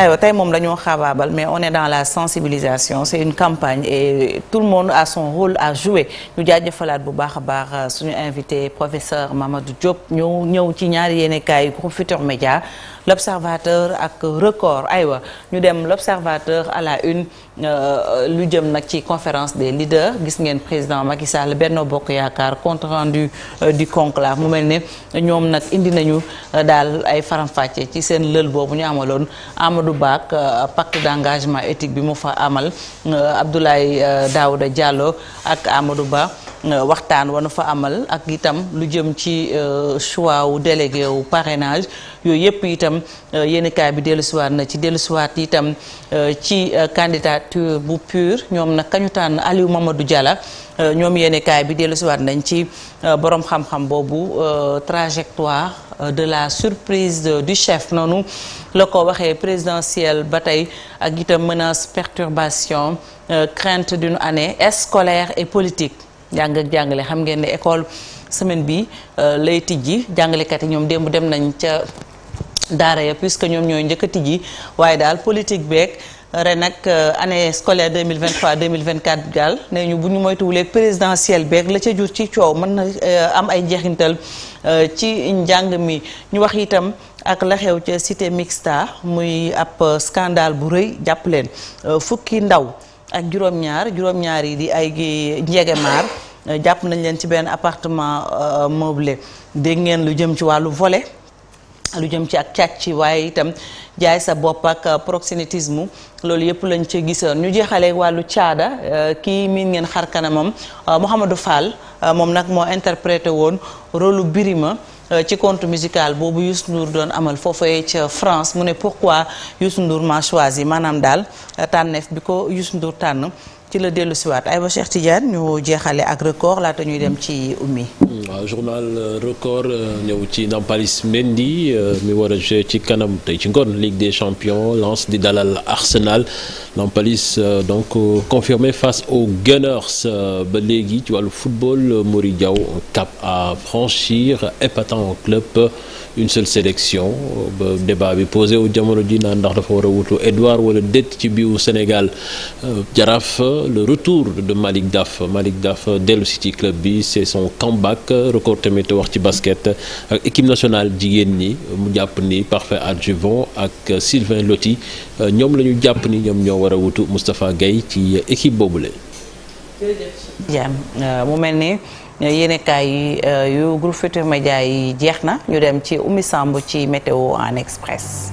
aywa tey moom dañoo xaabaabal mais on est dans la sensibilisation c'est une campagne et tout le monde a son rôle à jouer ñu jaajëfalaat bu baax a baax suñu invité professeur Mamadou Diop ñëw ñëw ci ñaari yéenekaay Groupe Futurs Médias l'observateur ak record aywa ñu dem l'observateur àlla la une euh, lu jëm nag ci conférence de leaders gis ngeen président Macky Sall Benno Bokk Yaakaar compte rendu euh, di conclave mu mel ni ñoom nag indi nañu euh, daal ay faram ci seen lël boobu ñu amaloon Amadou Ba ak pacte d'engagement éthique bi mu fa amal Abdoulaye Daouda Diallo ak Amadou Ba Euh, waxtaan wanu fa amal ak itam lu jëm ci euh, choix wu délégué wu parrainage yooyu yëpp itam euh, yéenekaay bi dellusiwaat na ci dellusiwaat itam ci candidature bu pur ñoom nag kañu tànn Aliou Mamadou Diala ñoom yéenekaay bi dellusiwaat nañ ci borom xam-xam boobu trajectoire de la surprise du chef noonu la ko waxee présidentielle ba tey ak itam mëna perturbation crainte d'une année scolaire et politique jàng ak jàngale xam ngeen ne école semaine bi euh, lay tijji jàngalekat yi ñoom démb dem nañ ca daara ya puisque ñoom ñooy njëkk a tijji waaye daal politique beeg ren nag euh, année scolaire 2023 2024 daal nee ñu bu ñu moytuwuleeg présidentielle beeg la ca jur ci coow mën na euh, am ay njeexintal ci njàng mi ñu wax itam ak la xew ca cité mixta muy ab scandale bu rëy jàpp leen fukki ndaw ak juróom-ñaar juróom-ñaar yi di ay njegemaar jàpp nañ leen ci benn appartement euh, meublé dégg ngeen lu jëm ci wàllu vole lu jëm ci ak càcc waaye itam jaay sa bopp ak proxénétisme loolu yëpp lañ ci gisoon ñu jeexalee wàllu caada euh, kii miin ngeen xar kanamam euh, Mouhamadou Fall moom nag moo interprété woon rôle lu Birima Euh, ci compte musical boobu Youssou Ndour doon amal foofee ca France mu ne pourquoi Youssou Ndour m'a choisi maanaam daal euh, tànneef bi ko Youssou Ndour tànn ci la dellu siwaat ay ba Cheikh Tidiane ñu jeexale ak record laata ñuy dem ci ummi mm, waaw journal euh, record euh, ñëw ci Nampalys Mendy euh, mi war a ci kanam tey ci ngoon Ligue des champions Lens di dalal Arsenal Nampalys donc confirmé face aux Gunners ba léegi ci wàllu football Mory Diaw cap à franchir épatant club une seule sélection ba débat bi posé wu jamono ji naan ndax dafa war a wutu Edouard wala déet ci biir Sénégal jaraaf le retour de Malick Daf Malick Daf dellu si ci club bi c'est son record tamit wax ci basket ak équipe nationale jigéen ñi mu jàpp ni parfait adjuvant ak Sylvain Lotti ñoom la ñu jàpp ni ñoom ñoo war a wutu Moustapha Guèye ci équipe boobule. jërëjëf. mu mel ni yéenekaay yi euh, yu Groupe Futurs Médias yi jeex na ñu dem ci Oumy Samb ci météo en express.